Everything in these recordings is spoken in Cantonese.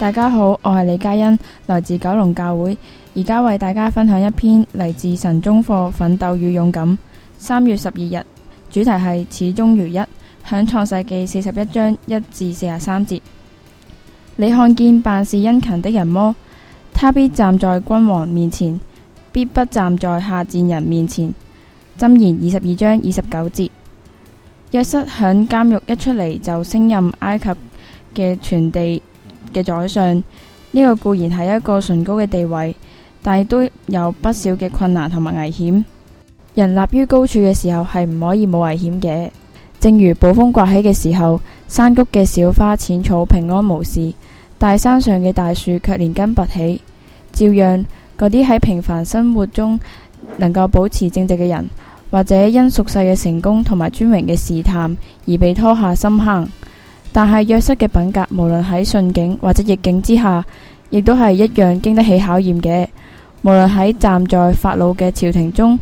大家好，我係李嘉欣，來自九龍教會。而家為大家分享一篇嚟自神中課《奮鬥與勇敢》，三月十二日，主題係始終如一，響創世紀四十一章一至四十三節。你看見辦事殷勤的人麼？他必站在君王面前，必不站在下賤人面前。箴言二十二章二十九節。約瑟響監獄一出嚟就升任埃及嘅全地，嘅宰相呢，這個固然係一個崇高嘅地位，但都有不少嘅困難同埋危險。人立於高處嘅時候係唔可以冇危險嘅。正如暴風颳起嘅時候，山谷嘅小花淺草平安無事，大山上嘅大樹卻連根拔起。照樣，嗰啲喺平凡生活中能夠保持正直嘅人，或者因俗世嘅成功同埋尊榮嘅試探而被拖下深坑。但係約瑟嘅品格，無論喺順境或者逆境之下，亦都係一樣經得起考驗嘅。無論喺站在法老嘅朝廷中，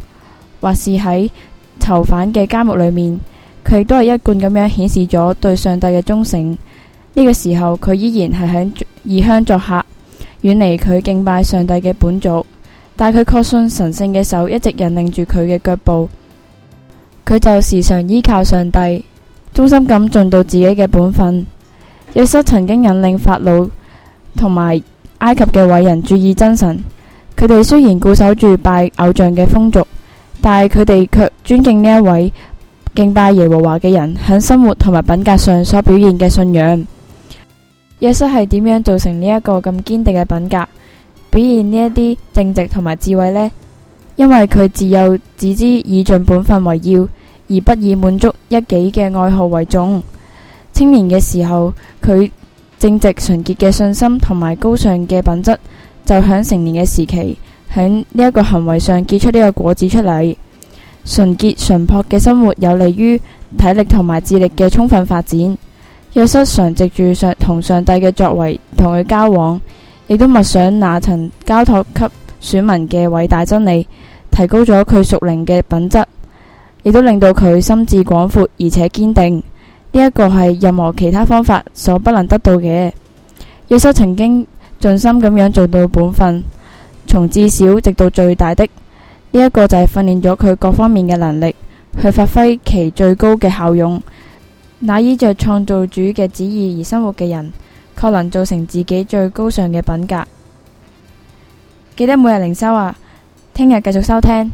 或是喺囚犯嘅監獄裏面，佢都係一貫咁樣顯示咗對上帝嘅忠誠。呢、這個時候，佢依然係喺異鄉作客，遠離佢敬拜上帝嘅本族，但佢確信神聖嘅手一直引領住佢嘅腳步，佢就時常依靠上帝。忠心咁盡到自己嘅本分。約瑟曾經引領法老同埋埃及嘅偉人注意真神。佢哋雖然固守住拜偶像嘅風俗，但係佢哋卻尊敬呢一位敬拜耶和華嘅人，響生活同埋品格上所表現嘅信仰。約瑟係點樣造成呢一個咁堅定嘅品格，表現呢一啲正直同埋智慧呢？因為佢自幼只知以盡本分為要。而不以滿足一己嘅愛好為重。青年嘅時候，佢正直純潔嘅信心同埋高尚嘅品質，就響成年嘅時期，喺呢一個行為上結出呢個果子出嚟。純潔淳樸嘅生活，有利於體力同埋智力嘅充分發展。約瑟常藉住上同上帝嘅作為，同佢交往，亦都默想那曾交託給選民嘅偉大真理，提高咗佢屬靈嘅品質。亦都令到佢心智廣闊，而且堅定。呢、這、一個係任何其他方法所不能得到嘅。耶穌曾經盡心咁樣做到本分，從至少直到最大的呢一、這個就係訓練咗佢各方面嘅能力，去發揮其最高嘅效用。那依着創造主嘅旨意而生活嘅人，確能造成自己最高尚嘅品格。記得每日靈修啊，聽日繼續收聽。